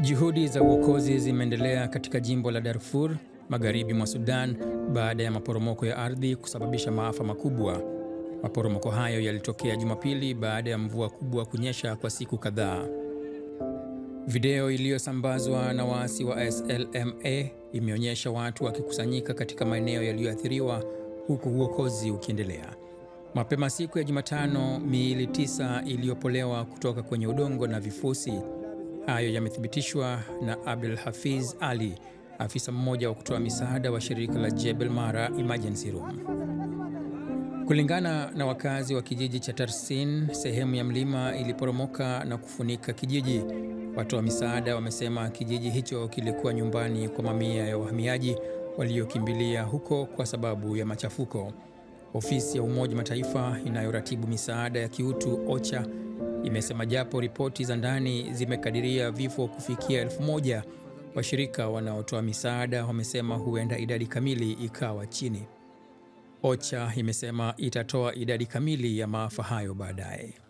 Juhudi za uokozi zimeendelea katika jimbo la Darfur magharibi mwa Sudan baada ya maporomoko ya ardhi kusababisha maafa makubwa. Maporomoko hayo yalitokea Jumapili baada ya mvua kubwa kunyesha kwa siku kadhaa. Video iliyosambazwa na waasi wa SLMA imeonyesha watu wakikusanyika katika maeneo yaliyoathiriwa huku uokozi ukiendelea. Mapema siku ya Jumatano, miili tisa iliyopolewa kutoka kwenye udongo na vifusi. Hayo yamethibitishwa na Abdul Hafiz Ali, afisa mmoja wa kutoa misaada wa shirika la Jebel Mara Emergency Room. Kulingana na wakazi wa kijiji cha Tarsin, sehemu ya mlima iliporomoka na kufunika kijiji. Watoa misaada wamesema kijiji hicho kilikuwa nyumbani kwa mamia ya wahamiaji waliokimbilia huko kwa sababu ya machafuko. Ofisi ya Umoja Mataifa inayoratibu misaada ya kiutu OCHA imesema japo ripoti za ndani zimekadiria vifo kufikia elfu moja, washirika wanaotoa misaada wamesema huenda idadi kamili ikawa chini. OCHA imesema itatoa idadi kamili ya maafa hayo baadaye.